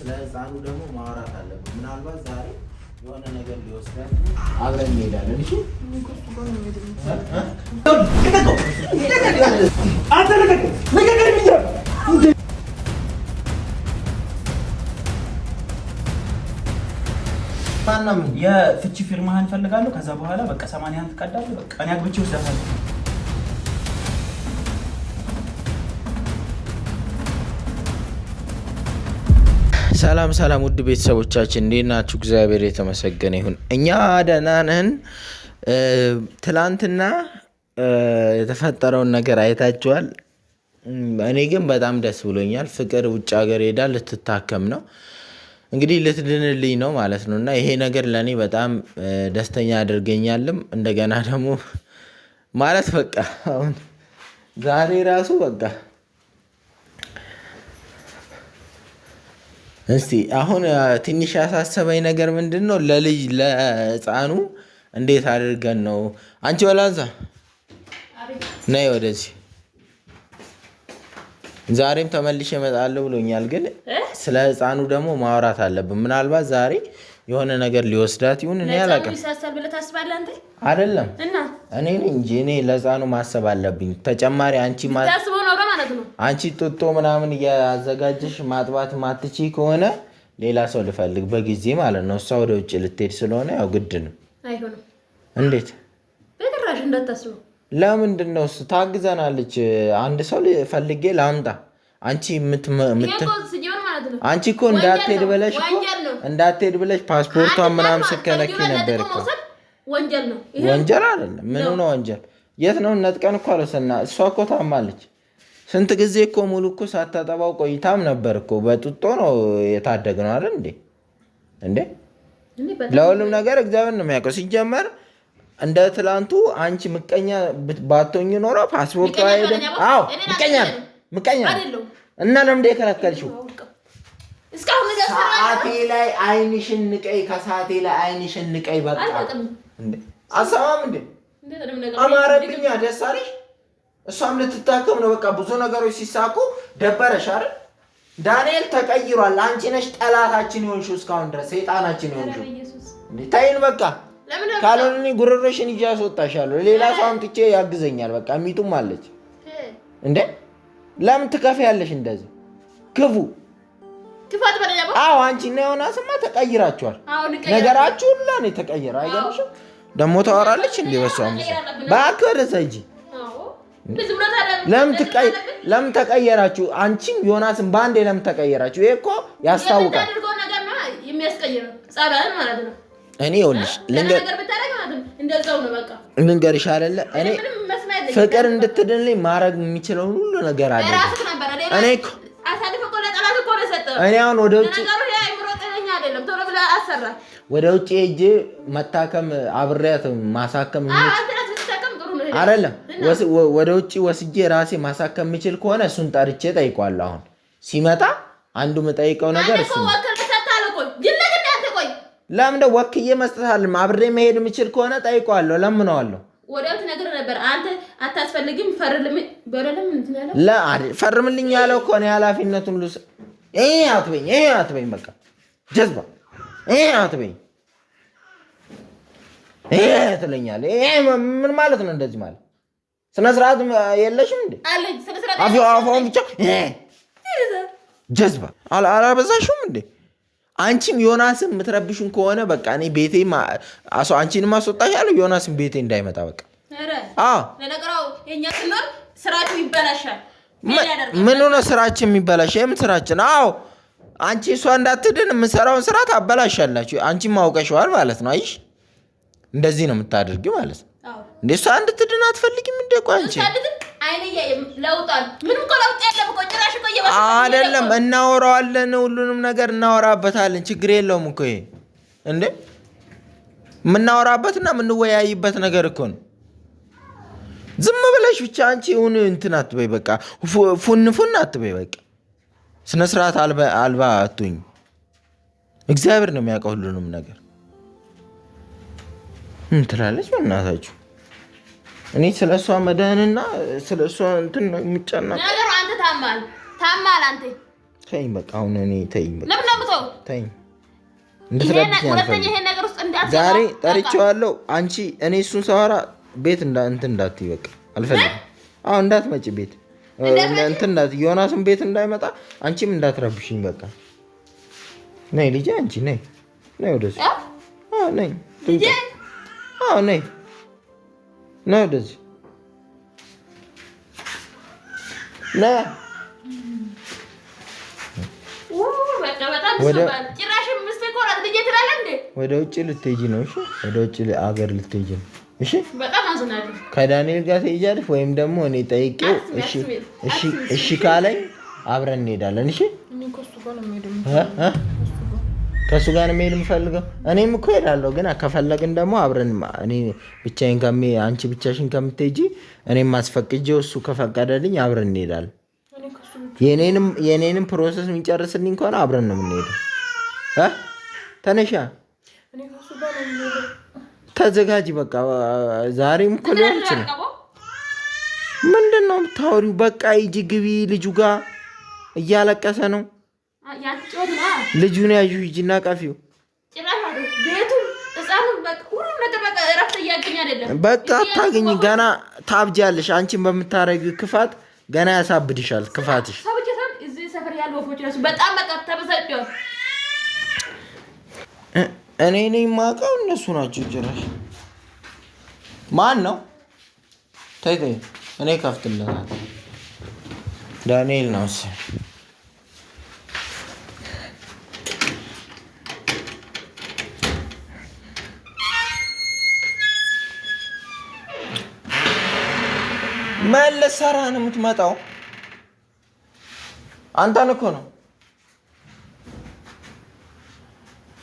ስለ ህፃኑ ደግሞ ማውራት አለብን። ምናልባት ዛሬ የሆነ ነገር ሊወስደን አብረን እንሄዳለን። የፍቺ ፊርማህን እፈልጋለሁ። ከዛ በኋላ በቃ ሰማንያህን ትቀዳለህ። በቃ እኔ አግብቼ ወስዳታለሁ። ሰላም ሰላም ውድ ቤተሰቦቻችን እንዴት ናችሁ? እግዚአብሔር የተመሰገነ ይሁን። እኛ ደህና ነን። ትላንትና የተፈጠረውን ነገር አይታችኋል። እኔ ግን በጣም ደስ ብሎኛል። ፍቅር ውጭ ሀገር ሄዳ ልትታከም ነው እንግዲህ ልትድንልኝ ነው ማለት ነው። እና ይሄ ነገር ለእኔ በጣም ደስተኛ አድርገኛልም። እንደገና ደግሞ ማለት በቃ አሁን ዛሬ ራሱ በቃ እስቲ አሁን ትንሽ ያሳሰበኝ ነገር ምንድን ነው? ለልጅ ለህፃኑ እንዴት አድርገን ነው? አንቺ ወላንሳ ነይ ወደዚህ። ዛሬም ተመልሼ እመጣለሁ ብሎኛል፣ ግን ስለ ህፃኑ ደግሞ ማውራት አለብን። ምናልባት ዛሬ የሆነ ነገር ሊወስዳት ይሁን እኔ አላውቅም። አይደለም እኔ እንጂ እኔ ለሕፃኑ ማሰብ አለብኝ። ተጨማሪ አንቺ አንቺ ጡጦ ምናምን እያዘጋጀሽ ማጥባት ማትቺ ከሆነ ሌላ ሰው ልፈልግ በጊዜ ማለት ነው። እሷ ወደ ውጭ ልትሄድ ስለሆነ ያው ግድ ነው። እንዴት ለምንድን ነው እሱ ታግዘናለች። አንድ ሰው ፈልጌ ላምጣ። አንቺ አንቺ እኮ እንዳትሄድ ብለሽ እንዳትሄድ ብለሽ ፓስፖርቷን ምናምን ስከለኪ ነበር ወንጀል ነው ወንጀል አይደለም። ምን ነው ወንጀል? የት ነው ነጥቀን እኮ አለሰና። እሷ እኮ ታማለች። ስንት ጊዜ እኮ ሙሉ እኮ ሳታጠባው ቆይታም ነበር እኮ። በጡጦ ነው ነው አይደል እንዴ? እንዴ ለሁሉም ነገር እግዚአብሔር ነው የሚያውቀው። ሲጀመር እንደ ትላንቱ አንቺ ምቀኛ ባቶኝ ኖሮ ፓስፖርቱ ሄደ። አዎ ምቀኛ ምቀኛ እና ለምንድን የከለከልሽው? ሰዓቴ ላይ አይንሽን ንቀይ፣ ከሰዓቴ ላይ አይንሽን ንቀይ። በቃ አሰማም እንዴ አማረብኛ። ደስ አለሽ? እሷም ልትታከም ነው። በቃ ብዙ ነገሮች ሲሳኩ ደበረሽ አይደል? ዳንኤል ተቀይሯል። አንቺ ነሽ ጠላታችን የሆንሽው እስካሁን ድረስ ሰይጣናችን የሆንሽው። ታይን በቃ ካልሆነ እኔ ጉርርሽን ይዤ አስወጣሻለሁ። ሌላ ሰው አምጥቼ ያግዘኛል። በቃ ሚጡም አለች እንዴ። ለምን ትከፍያለሽ እንደዚህ ክፉ አዎ አንቺ እና ስማ ተቀይራችኋል። ነገራችሁ ሁላ ነው የተቀየረ። አይገርምሽም? ደግሞ ታወራለች እንዴ? በሷም እባክህ ወደዛ እንጂ ለምን ተቀየራችሁ? አንቺም ዮናስም በአንዴ ለምን ተቀየራችሁ? ይሄ እኮ ያስታውቃል። እኔ ይኸውልሽ ልንገርሽ አይደለ እኔ ፍቅር እንድትድንልኝ ማድረግ የሚችለውን ሁሉ ነገር አለ እኔ እኔ አሁን ወደ ውጭ ወደ ውጭ ሄጄ መታከም አብሬያት ማሳከም አይደለም። ወደ ውጭ ወስጄ ራሴ ማሳከም የሚችል ከሆነ እሱን ጠርቼ ጠይቋለሁ። አሁን ሲመጣ አንዱ የምጠይቀው ነገር እሱ ለምን ወክዬ መስጠት አብሬ መሄድ ከሆነ ጠይቋለሁ፣ ለምነዋለሁ። ነበር አንተ አታስፈልግም ፈርልም በረለም ፈርምልኝ ያለው እኮ ነው። ኃላፊነቱን ሁሉ ይሄ አትበኝ፣ ይሄ አትበኝ፣ በቃ ጀዝባ ይሄ አትበኝ፣ ይሄ ትለኛለህ። ይሄ ምን ማለት ነው? እንደዚህ ማለት ስነ ስርዓት የለሽም እንዴ? አለኝ። አፏን ብቻ ጀዝባ አላበዛሽም እንዴ? አንቺም ዮናስን የምትረብሹን ከሆነ በቃ እኔ ቤቴ አንቺንም አስወጣሽ ያለው ዮናስን ቤቴ እንዳይመጣ በቃ ምን ሆነ ስራችን የሚበላሽ? የምን ስራችን? አዎ አንቺ እሷ እንዳትድን የምንሰራውን ስራ ታበላሻላችሁ። አንቺም አውቀሽዋል ማለት ነው። አይሽ እንደዚህ ነው የምታደርጊው ማለት ነው። እንደ እሷ እንድትድን አትፈልጊም? እንደቆ አንቺ አይደለም፣ እናወራዋለን፣ ሁሉንም ነገር እናወራበታለን። ችግር የለውም እኮ ይሄ እንደ የምናወራበትና የምንወያይበት ነገር እኮ ነው። ዝም ብለሽ ብቻ አንቺ ሁን እንትን አትበይ፣ በቃ ፉን ፉን አትበይ፣ በቃ ስነ ስርዓት አልባ አቱኝ እግዚአብሔር ነው የሚያውቀው ሁሉንም ነገር። ምን ትላለች በእናታችሁ? እኔ ስለ እሷ መዳንና ስለ እሷ እንትን የሚጫና ነገሩ አንተ ታማል ታማል። አንተ ተይኝ በቃ አሁን እኔ ተይኝ በቃ ተይኝ። ዛሬ ጠርቼዋለሁ። አንቺ እኔ እሱን ሳወራ ቤት እንትን እንዳትይ በቃ አልፈልግም። አዎ እንዳትመጪ ቤት እንትን እንዳት ዮናስም ቤት እንዳይመጣ አንቺም እንዳትረብሽኝ በቃ ነይ ልጄ አንቺ ነይ ነይ ወደዚህ ነይ ነይ ነይ ወደዚህ ወደ ውጭ ልትሄጂ ነው። ወደ ውጭ አገር ልትሄጂ ነው። እሺ በጣም አዝናለሁ። ከዳንኤል ጋር ትሄጃለሽ ወይም ደግሞ እኔ ጠይቄው፣ እሺ እሺ እሺ ካለኝ አብረን እንሄዳለን። እሺ ከእሱ ጋር ነው የምሄድ የምፈልገው። እኔም እኮ እሄዳለሁ፣ ግን ከፈለግን ደግሞ አብረን እኔ ብቻዬን ከሚ አንቺ ብቻሽን ከምትሄጂ እኔም አስፈቅጄው እሱ ከፈቀደልኝ አብረን እንሄዳለን። የኔንም የኔንም ፕሮሰስ የሚጨርስልኝ ከሆነ አብረን ነው የምንሄደው። ተነሻ ተዘጋጅ። በቃ ዛሬም እኮ ሊሆን ይችላል። ምንድን ነው የምታወሪው? በቃ ሂጂ ግቢ። ልጁ ጋር እያለቀሰ ነው። ልጁን ያዩ ሂጂና ቀፊው። በቃ አታገኝ። ገና ታብጃለሽ። አንቺን በምታረጊው ክፋት ገና ያሳብድሻል ክፋትሽ። በጣም በቃ ተበሳጨሁ። እኔ ነኝ የማውቀው፣ እነሱ ናቸው። ጭራሽ ማን ነው? ተይ ተይ፣ እኔ ከፍትለታል። ዳንኤል ነው ስም። መለስ ሰራ ነው የምትመጣው። አንተን እኮ ነው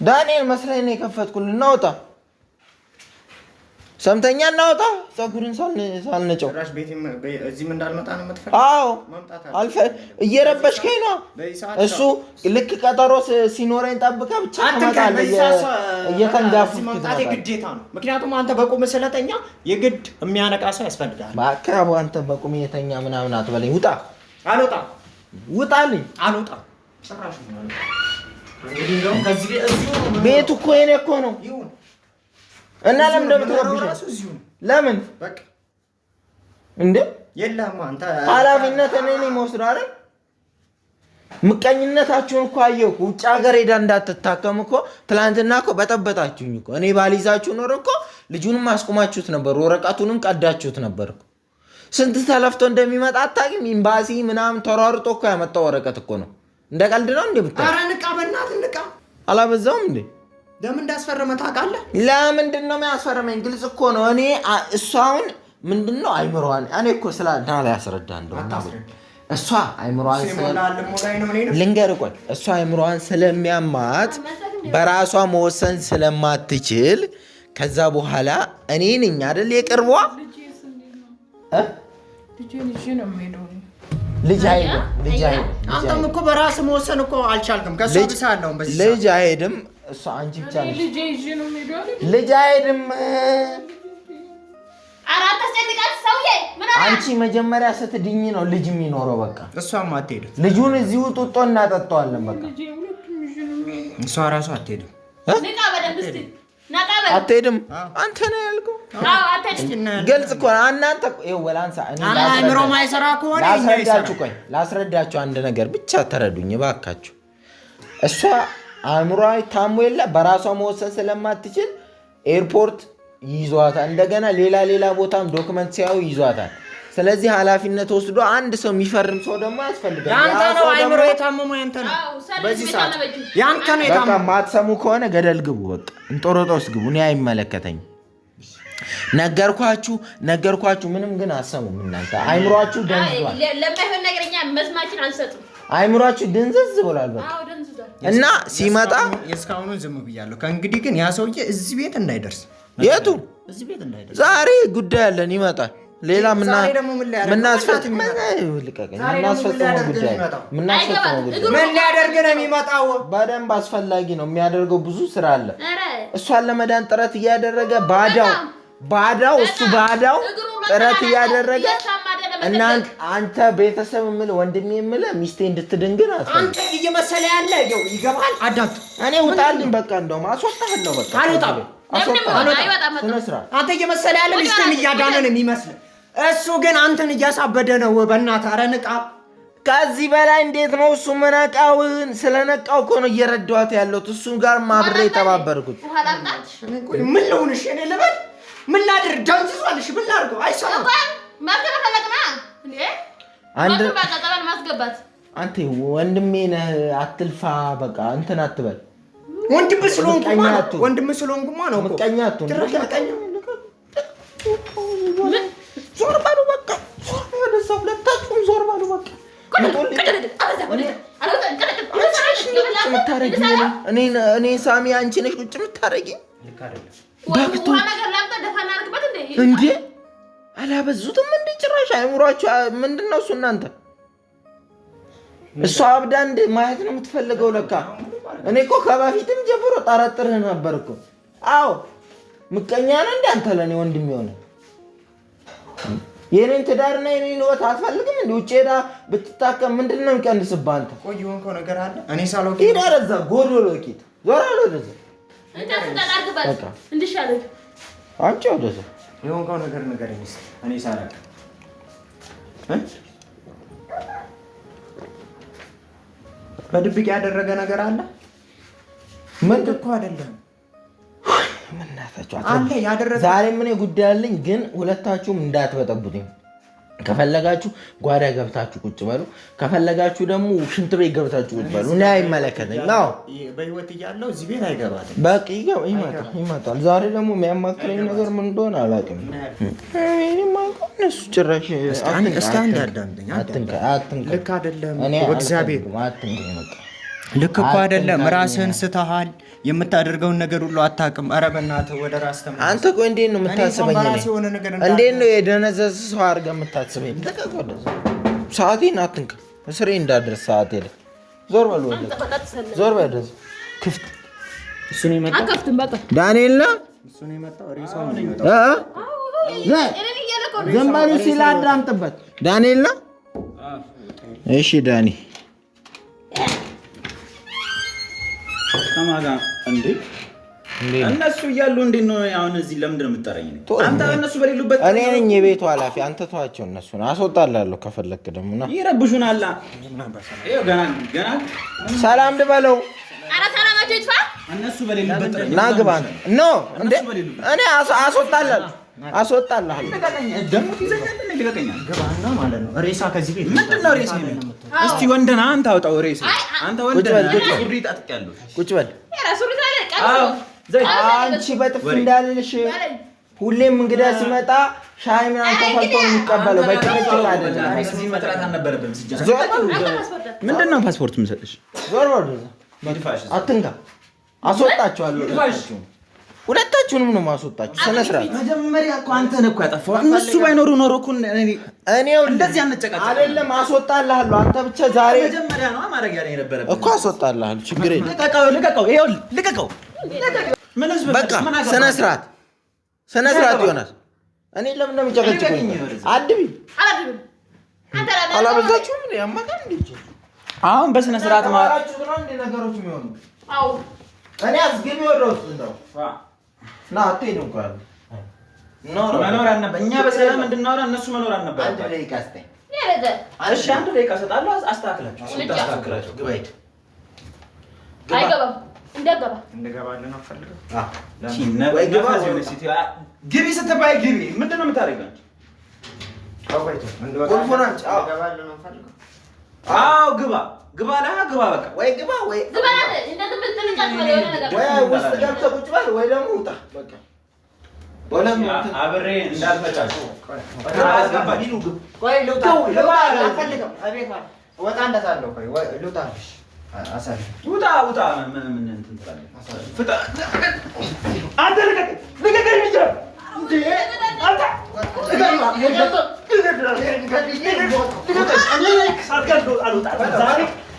ዳንኤል መስለኝ ነው የከፈትኩልህ። እናውጣ፣ ሰምተኛ እናውጣ። ፀጉርን ሳልነጨው አዎ፣ እየረበሽከኝ ነው። እሱ ልክ ቀጠሮ ሲኖረኝ ጠብቀ ብቻ እየተንጋፍ መምጣቴ ግዴታ ነው። ምክንያቱም አንተ በቁም ስለተኛ የግድ የሚያነቃ ሰው ያስፈልጋል። በአካባቢ አንተ በቁም የተኛ ምናምን አትበለኝ። ውጣ፣ አልወጣም። ውጣልኝ፣ አልወጣም ጭራሽ ቤቱ እኮ የእኔ እኮ ነው እና ለምን እንደምትረብሽ ለምን እንደ ኃላፊነት እኔ ነኝ የምወስደው አይደል? ምቀኝነታችሁን እኮ አየሁ። ውጭ ሀገር ሄዳ እንዳትታከም እኮ ትላንትና እኮ በጠበጣችሁኝ እኮ። እኔ ባልይዛችሁ ኖሮ እኮ ልጁንም አስቁማችሁት ነበር፣ ወረቀቱንም ቀዳችሁት ነበር። ስንት ተለፍቶ እንደሚመጣ አታውቂም። ኤምባሲ ምናምን ተሯርጦ እኮ ያመጣው ወረቀት እኮ ነው። እንደ ቀልድ ነው እንዴ? ብታይ፣ ኧረ ንቃ፣ በእናትህ ንቃ። አላበዛውም እንዴ? ለምን እንዳስፈረመ ታውቃለህ? ለምንድን ነው የሚያስፈረመኝ? ግልጽ እኮ ነው። እኔ እሷ አሁን ምንድን ነው አይምሮዋን እኔ እኮ ስለ ላይ ያስረዳ እንደሆነ እሷ አይምሮዋን ልንገር፣ ቆይ እሷ አይምሮዋን ስለሚያማት በራሷ መወሰን ስለማትችል ከዛ በኋላ እኔ ነኝ አይደል የቅርቧ ነው ልጅ አይሄድም። ልጅ አይሄድም። አንተም እኮ በራስህ መወሰን እኮ አልቻልክም። ከእሷ ብቻ አለውም ልጅ አይሄድም። እሷ አንቺ ብቻ ነሽ። ልጅ አይሄድም። አንቺ መጀመሪያ ስትድኝ ነው ልጅ የሚኖረው። በቃ እሷም አትሄድም። ልጁን እዚሁ ጡጦ እናጠጣዋለን። በቃ እሷ ራሱ አትሄድም። አትሄድም አንተ ነህ ገልጽ እኮ እናንተ አእምሮ ማይሰራ ከሆነ ላስረዳችሁ፣ አንድ ነገር ብቻ ተረዱኝ እባካችሁ። እሷ አእምሮ ታሞ የለ በራሷ መወሰን ስለማትችል ኤርፖርት ይዟታል። እንደገና ሌላ ሌላ ቦታም ዶክመንት ሲያዩ ይዟታል። ስለዚህ ኃላፊነት ወስዶ አንድ ሰው የሚፈርም ሰው ደግሞ ያስፈልጋል። ያንተ ነው አይምሮ ማትሰሙ ከሆነ ገደል ግቡ፣ በቃ እንጦሮጦስ ግቡ። እኔ አይመለከተኝም። ነገርኳችሁ ነገርኳችሁ። ምንም ግን አሰሙም። እናንተ አይምሯችሁ ደንዝዟል። ለማይሆን ነገርኛ መስማችን አንሰጥም። አይምሯችሁ ድንዝዝ ብሏል። በቃ እና ሲመጣ የእስካሁኑን ዝም ብያለሁ። ከእንግዲህ ግን ያ ሰውዬ እዚህ ቤት እንዳይደርስ የቱ ዛሬ ጉዳይ አለን ይመጣል። ሌላ ምናስፈጽመው ሊያደርግ ነው የሚመጣው። በደንብ አስፈላጊ ነው የሚያደርገው ብዙ ስራ አለ። እሷን ለመዳን ጥረት እያደረገ ባዳው ባዳው እሱ ባዳው ጥረት እያደረገ እና አንተ ቤተሰብ የምልህ ወንድሜ የምልህ ሚስቴ እንድትድንግን አንተ እየመሰለ ያለ ይው ይገባል። አዳም እኔ ውጣልኝ፣ በቃ እንደውም አስወጣለሁ። በቃ አልወጣም፣ አልወጣም። ስነ ስርዓት አንተ እየመሰለ ያለ ሚስቴን እያዳነ ነው የሚመስል፣ እሱ ግን አንተን እያሳበደ ነው። በእናትህ ኧረ ንቃ። ከዚህ በላይ እንዴት ነው እሱ መናቃውን? ስለነቃው እኮ ነው እየረዳኋት ያለሁት። እሱ ጋር ማብሬ የተባበርኩት ምን ልሁን? እሺ እኔ ልበል ምን ላድርግ? ደንዝዟልሽ። ምን ላድርገው? አይሰማም። አንተ ወንድሜ ነህ አትልፋ። በቃ እንትን አትበል። ወንድም ስለሆንኩማ ነው። ወንድም ስለሆንኩማ ነው። ምቀኛ አትሁን። ዞር ባሉ በቃ ወደዛ። ሁለታችሁም ዞር ባሉ በቃ። እኔ ሳሚ አንቺ ነሽ ቁጭ የምታደርጊኝ እንዴ አላበዙትም? እንዴ ጭራሽ አይምሯቸው ምንድን ነው እሱ? እናንተ እሷ አብዳ እንደ ማየት ነው የምትፈልገው ለካ። እኔ እኮ ከበፊትም ጀምሮ ጠረጥርህ ነበር እኮ። አዎ ምቀኛ ነህ እንደ አንተ ለእኔ ወንድም የሆነ የኔን ትዳርና የኔን ህይወት አትፈልግም? እንደ ውጭ ሄዳ ብትታከም ምንድን ነው የሚቀንስብህ አንተ? ሂድ ኧረ እዛ ጎዶሎ ኪድ ዞር አለ ወደ እዛ አንቺ ወደ የሆንከው ነገር ንገረኝ እስኪ እኔ ሳላውቅ በድብቅ ያደረገ ነገር አለ? መጥቶ እኮ አይደለም ምን እናታችሁ። ዛሬ ምን ጉዳይ አለኝ ግን ሁለታችሁም እንዳትበጠቡትኝ ከፈለጋችሁ ጓዳ ገብታችሁ ቁጭ በሉ፣ ከፈለጋችሁ ደግሞ ሽንት ቤት ገብታችሁ ቁጭ በሉ። እኔ አይመለከተኝ በህይወት እያለሁ እዚህ ቤት ይመጣል። ዛሬ ደግሞ የሚያማክረኝ ነገር ምን እንደሆነ አላውቅም። ጭራሽ እስኪ አንድ አዳምጠኝ። አትንካ፣ አትንካ። ልክ አይደለም። እግዚአብሔር አትንካ። ይመጣል ልክ እኮ አይደለም። ራስህን ስተሃል። የምታደርገውን ነገር ሁሉ አታውቅም። ኧረ በእናትህ ወደ ራስ ተመለስ። አንተ ቆይ እንዴት ነው የምታስበኝ? እንዴት ነው የደነዘዝ ሰው አድርገህ የምታስበኝ? ሰዓቴን አትንካ። እስሬ እንዳደርስ ሰዓቴ ላይ ዞር በል፣ ዞር በል። ክፍት ዳንኤል ነው ዝም በሉ ሲል አዳምጥበት። ዳንኤል ነው እሺ፣ ዳኒ ከማጋ እንዴ እነሱ እያሉ እንዴት ነው አሁን እዚህ ለምንድን ነው አንተ እነሱ በሌሉበት እኔ ነኝ የቤቱ ኃላፊ። አንተ ተዋቸው፣ አስወጣላለሁ። ደግሞ ና ሰላም ልበለው። ና ግባ። ኖ እኔ አስወጣላለሁ አስወጣልሃል። ወንደና አንተ አውጣው ሬሳ። አንቺ በጥፍ እንዳልልሽ ሁሌም እንግዳ ሲመጣ ሻይ ምናምን ተፈልቶ የሚቀበለው አይደለም። ምንድን ነው ፓስፖርት የምሰጥሽ? ዞር አትንካ። አስወጣቸዋለሁ ሁለታችሁንም ነው ማስወጣችሁ። ስነ ስርዓት መጀመሪያ እኮ አንተ ነህ እኮ ያጠፋው። እነሱ ባይኖሩ ኖሮ እኮ እኔ እንደዚህ አንጨቃጨቅ አይደለም። አስወጣልሃለሁ። አንተ ብቻ ዛሬ መጀመሪያ ነው ማድረግ ያለኝ ነበር እኮ አስወጣልሃለሁ። ችግር የለም። ልቀቀው፣ ልቀቀው፣ ይኸውልህ፣ ልቀቀው። በቃ ስነ ስርዓት፣ ስነ ስርዓት ይሆናል። እኔ ለምን ነው እንደምጨቀጭቁ አድቢ አላበዛችሁም? ያማካል እንዴ? አሁን በስነ ስርዓት ማለት ነገሮች የሚሆኑ እኔ አስገቢ ወደ ውስጥ እንደው ና አትሄድ እኮ ያሉ መኖር አልነበረ። እኛ በሰላም እንድናወራ እነሱ መኖር አልነበረ። አንድ ደቂቃ ስጠኝ። እሺ አንድ ደቂቃ እሰጣለሁ። አስተካክላችሁ አስተካክላችሁ ግባ። ሂድ። ግቢ ስትባይ ግቢ። ምንድን ነው የምታደርገው? አዎ ግባ ግባ ለሀ ግባ በቃ ወይ ግባ ወይ ግባ ውስጥ ገብተህ ቁጭ በል ወይ ደግሞ ውጣ በቃ አብሬ እንዳልመጫቸው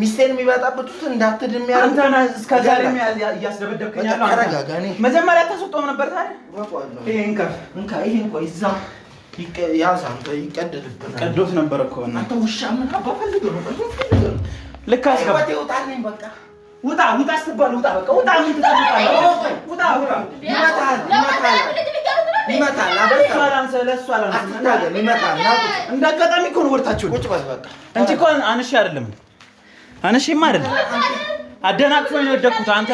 ሚስቴን የሚበጣበጡት እንዳትድም ያንተና እስከ ዛሬ እያስደበደብከኝ ያለው መጀመሪያ ነበር። ቀዶት ነበር እኮ አንተ ውሻ ምን አባፈልገው ነው? ልክ በቃ ውጣ ውጣ ስትባል ውጣ በቃ ውጣ። ምን ትጠብቃለህ? ይመጣል እንደ አጋጣሚ እኮ ነው ወርታችሁ እንጂ እኮ አንሺ አይደለም አነሽም አይደለም አደናቅፎኝ ነው የወደኩት። አንተ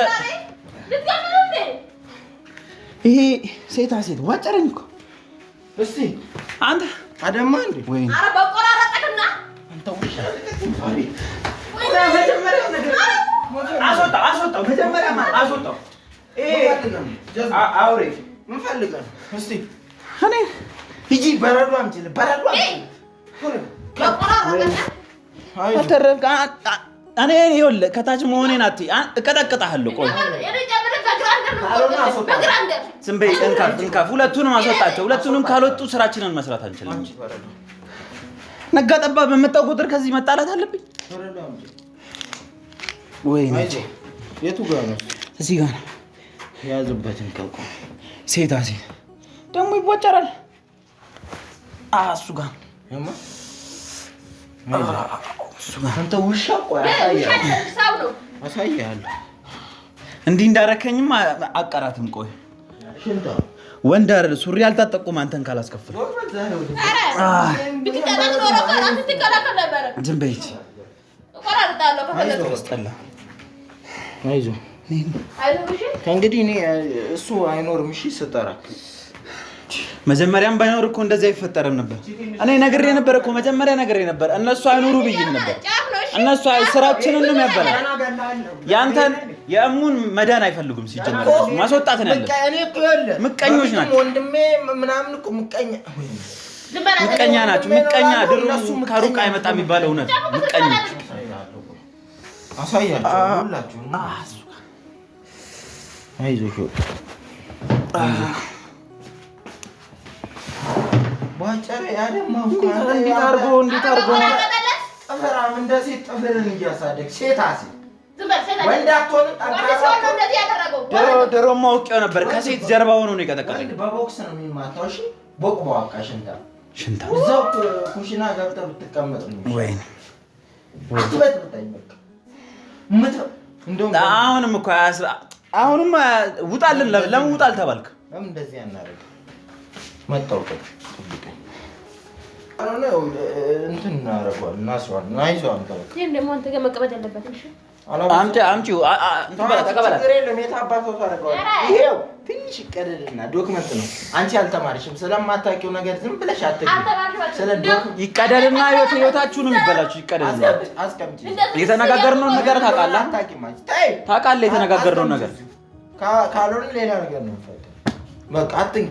ይሄ ሴታ ሴት ዋጨረኝ እኮ እስቲ አንተ አደማ እንዴ ወይ አረ በቆራረጠክና አንተ ውሽ አስወጣው አስወጣው፣ መጀመሪያ አስወጣው። አውሬ ምን ፈልገህ እስቲ እኔ ሂጂ በረዶ በረዶ አልተረፍክ እኔ ይኸውልህ ከታች መሆኔን አትይ፣ እቀጠቅጥሃለሁ። ቆይ ዝም በይ። እንካፍ እንካፍ፣ ሁለቱንም አስወጣቸው። ሁለቱንም ካልወጡ ስራችንን መስራት አንችልም። ነጋ ጠባ በመጣው ቁጥር ከዚህ መጣላት አለብኝ ወይ? የቱ ጋር ነው? እዚህ ጋር ነው። ያዙበትን ከቁ ሴታ ሴት ደግሞ ይቧጨራል። እሱ ጋር አንተ ውሻ አሳያለሁ። እንዲህ እንዳረከኝም አቀራትም። ቆይ ወንድ አይደል? ሱሪ አልታጠቁም። አንተን ካላስከፍል ዝም በይ። ከእንግዲህ እሱ አይኖርም። እሺ ስጠራ መጀመሪያም ባይኖር እኮ እንደዚህ አይፈጠርም ነበር። እኔ ነግሬ ነበር እኮ መጀመሪያ ነግሬ ነበር። እነሱ አይኖሩ ብዬ ነበር። እነሱ ስራችንን ነው ያበላል። ያንተን የእሙን መዳን አይፈልጉም። ሲጀመር ማስወጣት ነው ያለ። ምቀኞች ናቸው። ምቀኛ ናቸው። ምቀኛ ድሩ ከሩቅ አይመጣ የሚባለው እውነት። ምቀኞች አሳያቸው እንዴት አድርጎ እንዴት አድርጎ ጥፍራም እንደ ሴት ጥፍርን እያሳደግ ሴት ድሮ ማውቂያው ነበር። ከሴት ጀርባ ሆኖ ነው የቀጠቀጠኝ። በቦክስ ነው የሚማታው። እሺ ቦቅ በዋቃ ሽንታ ሽንታ እዛው ኩሽና ገብተህ ብትቀመጥ ነው ወይ አትበጥብጠኝ። በቃ አሁንም እኮ አሁንም ውጣልን። ለምን ውጣል ተባልክ? ለምን እንደዚህ ያናረግ መጣው እንትን እናደርገዋለን፣ እናስረዋለን፣ እናይዘዋለን። በቃ ይሄን ደግሞ ትንሽ ይቀደድና ዶክመንት ነው። አንቺ አልተማርሽም ስለማታውቂው ነገር ዝም ብለሽ ይቀደድና ህይወታችሁ የሚበላችሁ። ይቀደድና የተነጋገርነውን ነገር ታውቃለህ፣ ታውቃለህ የተነጋገርነውን ነገር ካልሆነ ሌላ ነገር ነው። በቃ አትንኪ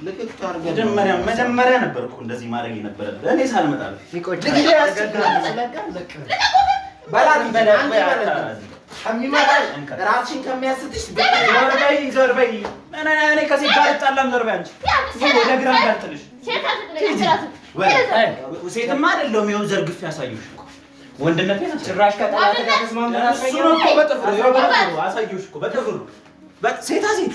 መጀመሪያ ነበር እኮ እንደዚህ ማድረግ የነበረብህ። እኔ ሳልመጣ ሴትማ አይደለሁም። ይኸው ዘርግፍ ያሳየሁሽ እኮ ወንድነቴን ጭራሽ ከጠላት ጋር ተስማምተን ሴታ ሴት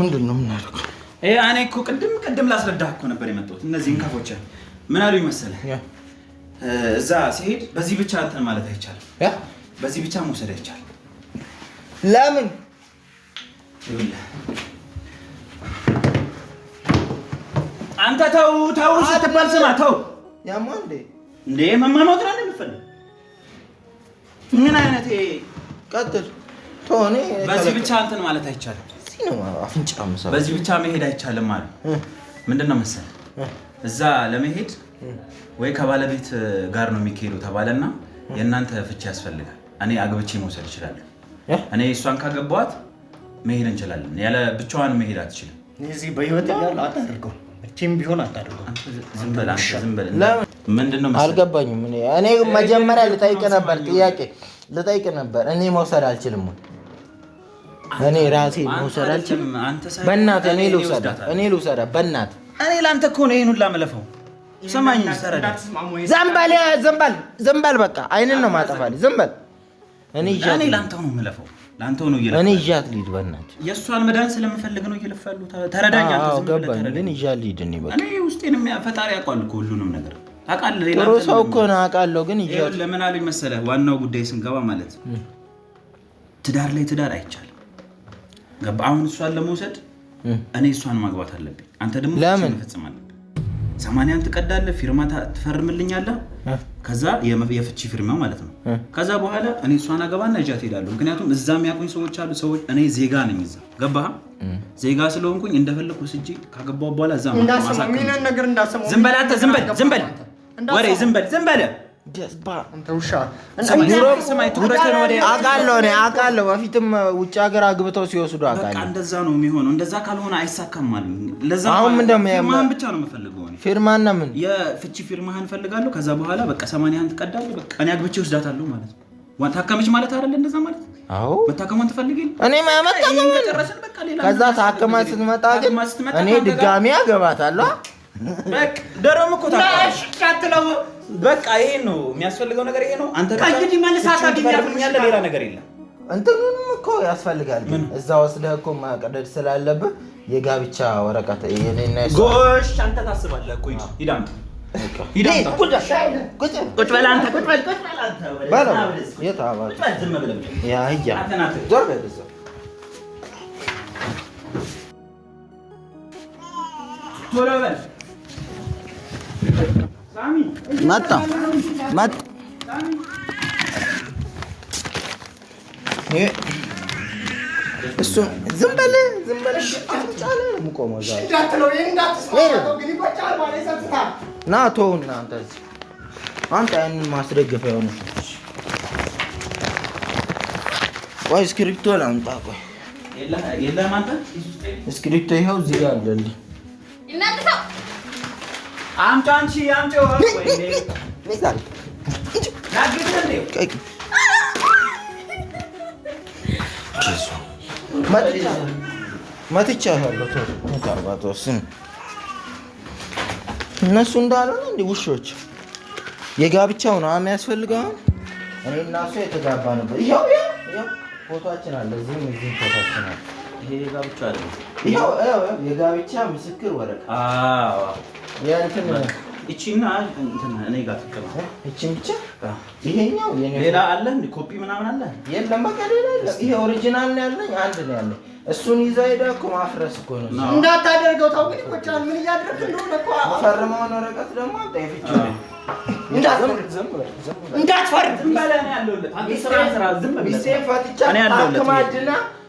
ምንድን ነው የምናደርገው? እኔ እኮ ቅድም ቅድም ላስረዳህ እኮ ነበር የመጣሁት። እነዚህን ከፎች ምን አሉኝ መሰለህ? እዛ ሲሄድ በዚህ ብቻ እንትን ማለት አይቻልም፣ በዚህ ብቻ መውሰድ አይቻልም። ለምን? አንተ ተው ተው ስትባል ስማ፣ ተው ያማ እንዴ እንዴ መማማት ነው የምፈልግ። ምን አይነት ቀጥል። ተሆኔ በዚህ ብቻ እንትን ማለት አይቻልም በዚህ ብቻ መሄድ አይቻልም አሉ። ምንድን ነው መሰለህ እዛ ለመሄድ ወይ ከባለቤት ጋር ነው የሚካሄደው ተባለና የእናንተ ፍቺ ያስፈልጋል። እኔ አግብቼ መውሰድ እችላለሁ። እኔ እሷን ካገባኋት መሄድ እንችላለን። ያለ ብቻዋን መሄድ አትችልም። እዚህ በህይወት እያለ አታደርገው፣ መቼም ቢሆን አታደርገው። ዝም በል ዝም በል። ምንድን ነው አልገባኝም። እኔ መጀመሪያ ልጠይቅ ነበር ጥያቄ ልጠይቅ ነበር። እኔ መውሰድ አልችልም እኔ ራሴ መውሰድ አልችልም። በእናት እኔ ልውሰዳ፣ እኔ ልውሰዳ። በእናት እኔ ለአንተ እኮ ነው ይሄን ሁላ መለፈው። ስማኝ፣ ዘንበል፣ ዘንበል፣ ዘንበል። በቃ አይንን ነው ማጠፋል። ዘንበል። እኔ ለአንተው ነው የምለፈው፣ ለአንተው ነው እየለፋ። እኔ ልሂድ፣ በእናትህ የእሷን መዳን ስለምፈልግ ነው እየለፋ ያሉት። ተረዳኝ። ገባኝ፣ ግን ይዣት ልሂድ። እኔ በቃ እኔ ውስጤን ፈጣሪ ያውቃል እኮ ሁሉንም ነገር ታውቃለህ። ጥሩ ሰው እኮ ነው አውቃለሁ፣ ግን ይዣት ለምን መሰለህ። ዋናው ጉዳይ ስንገባ ማለት ትዳር ላይ ትዳር አይቻልም ገባህ? አሁን እሷን ለመውሰድ እኔ እሷን ማግባት አለብኝ። አንተ ደግሞ ለምን ፈጽም አለብኝ። ሰማንያን ትቀዳለህ፣ ፊርማ ትፈርምልኛለህ። ከዛ የፍቺ ፊርማ ማለት ነው። ከዛ በኋላ እኔ እሷን አገባና እጃት ሄዳለሁ። ምክንያቱም እዛ የሚያቆኝ ሰዎች አሉ። ሰዎች እኔ ዜጋ ነኝ እዛ ገባ። ዜጋ ስለሆንኩኝ እንደፈለግኩ ስጄ ካገባው በኋላ እዛ ዝም በል አንተ ዝም በል ዝም በል ወሬ ዝም በል ዝም በል አውቃለሁ እኔ በፊትም ውጭ ሀገር አግብተው ሲወስዱ አውቃለሁ። እንደዛ ነው የሚሆነው። እንደዛ ካልሆነ አይሳካም ማለት ነው። አሁን ምን ደግሞ ፊርማህን ብቻ ነው የምፈልገው ፊርማህን ነው የምልህ፣ የፍቺ ፊርማህን እፈልጋለሁ። ከዛ በኋላ በቃ ሰማንያህን ትቀዳለህ። በቃ እኔ አግብቼ ወስዳታለሁ ማለት ነው። ታከመች ማለት አይደለ? እንደዛ ማለት አዎ፣ መታከሟን ትፈልጊልኝ። እኔ ከዛ ታከማ ስትመጣ ግን እኔ ድጋሚ አገባታለሁ ደረም በቃ ይሄ ነው የሚያስፈልገው ነገር ይሄ ነው። አንተ ከእንግዲህ መልሳት አግኛለሁ። ሌላ ነገር የለም። እንትኑንም እኮ ያስፈልጋል። እዛ ወስደህ እኮ መቅደድ ስላለብህ የጋብቻ ወረቀት ጎሽ፣ አንተ ታስባለህ እኮ ይዳምጥ ቁጭ መጣ መጣ እሱም ዝም በል ዝም በል ና ተው እናንተ አንተ ያንን ማስደገፍ የሆነ ቆይ እስክሪብቶ ላምጣ ቆይ እስክሪብቶ ይኸው እዚህ ጋር አለልኝ አምጪ አንቺ እነሱ እንዳልሆነ እንደ ውሾች የጋብቻው ነው የሚያስፈልገው። እኔ እና እሱ የተጋባ ነበር። ይኸው ፎቶአችን አለ። እዚህም እዚህም ፎቶአችን አለ። የጋብቻ ምስክር ወረቀት። ኮፒ ምናምን አለ? የለም በቃ ሌላ አለ። ይሄ ኦሪጂናል ነው ያለኝ፣ አንድ ነው ያለኝ። እሱን ይዛ ሄዳ እኮ ማፍረስ እኮ ነው። እንዳታደርገው ታውቅ ይቆጫል። ምን እያደረግ እንደሆነ እኮ ፈርመውን ወረቀት ደግሞ አንተ እንዳትፈርድ ዝም በለ ነው ያለሁለት። ፈትቻ ታክማድና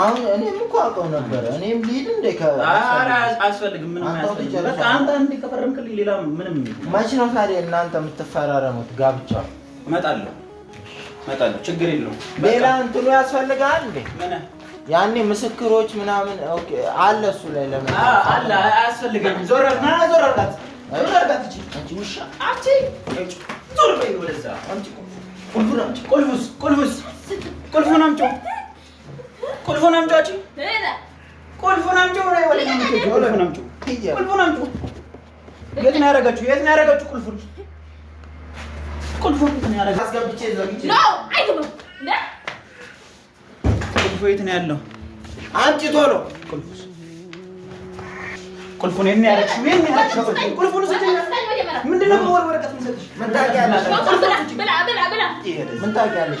አሁን እኔም እኮ አውቀው ነበረ። እኔም ሊል እንደ አያስፈልግም። ምንም አያስፈልግም። በቃ አንተ አንዴ ከፈረምክልኝ ሌላ ምንም መች ነው ታዲያ እናንተ የምትፈራረሙት? ጋብቻ እመጣለሁ፣ እመጣለሁ። ችግር የለውም። ሌላ እንትኑ ያስፈልጋል እንዴ? ምን ያኔ ምስክሮች ምናምን አለ እሱ ላይ ለምን አለ? አያስፈልግም። ዞር ና፣ ዞር በላት፣ ዞር በላት። እቺ አንቺ ውሻ፣ አንቺ ዞር በይ ወደዛ። አንቺ ቁልፉን አምጪው፣ ቁልፉስ፣ ቁልፉስ፣ ቁልፉን አምጪው ቁልፉን አምጪ። ቁልፉን አምጪ። ቁልፉን አምጪ። ቁልፉን አምጪ። የት ነው ያደረገችው? የት ነው ያደረገችው? ቁልፉን ቁልፉን የት ነው ያደረገችው? ቁልፉ የት ነው ያለው? አምጪ ቶሎ። ቁልፉን የት ነው ያደረግሽው? የት ነው ያደረግሽው? ቁልፉን ምንድን ነው ወረቀት የምሰጥሽ? ምን ታውቂያለሽ? ምን ታውቂያለሽ?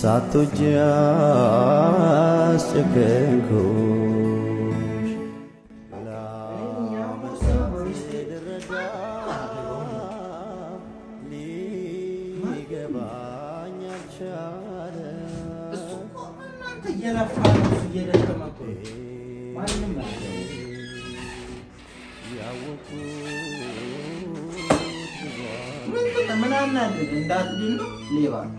ሳቶጅ አስጨከንኩሽ ላመሳት ረዳ ሊገባኝ አልቻለ እየለፋ እየደከመ ማንም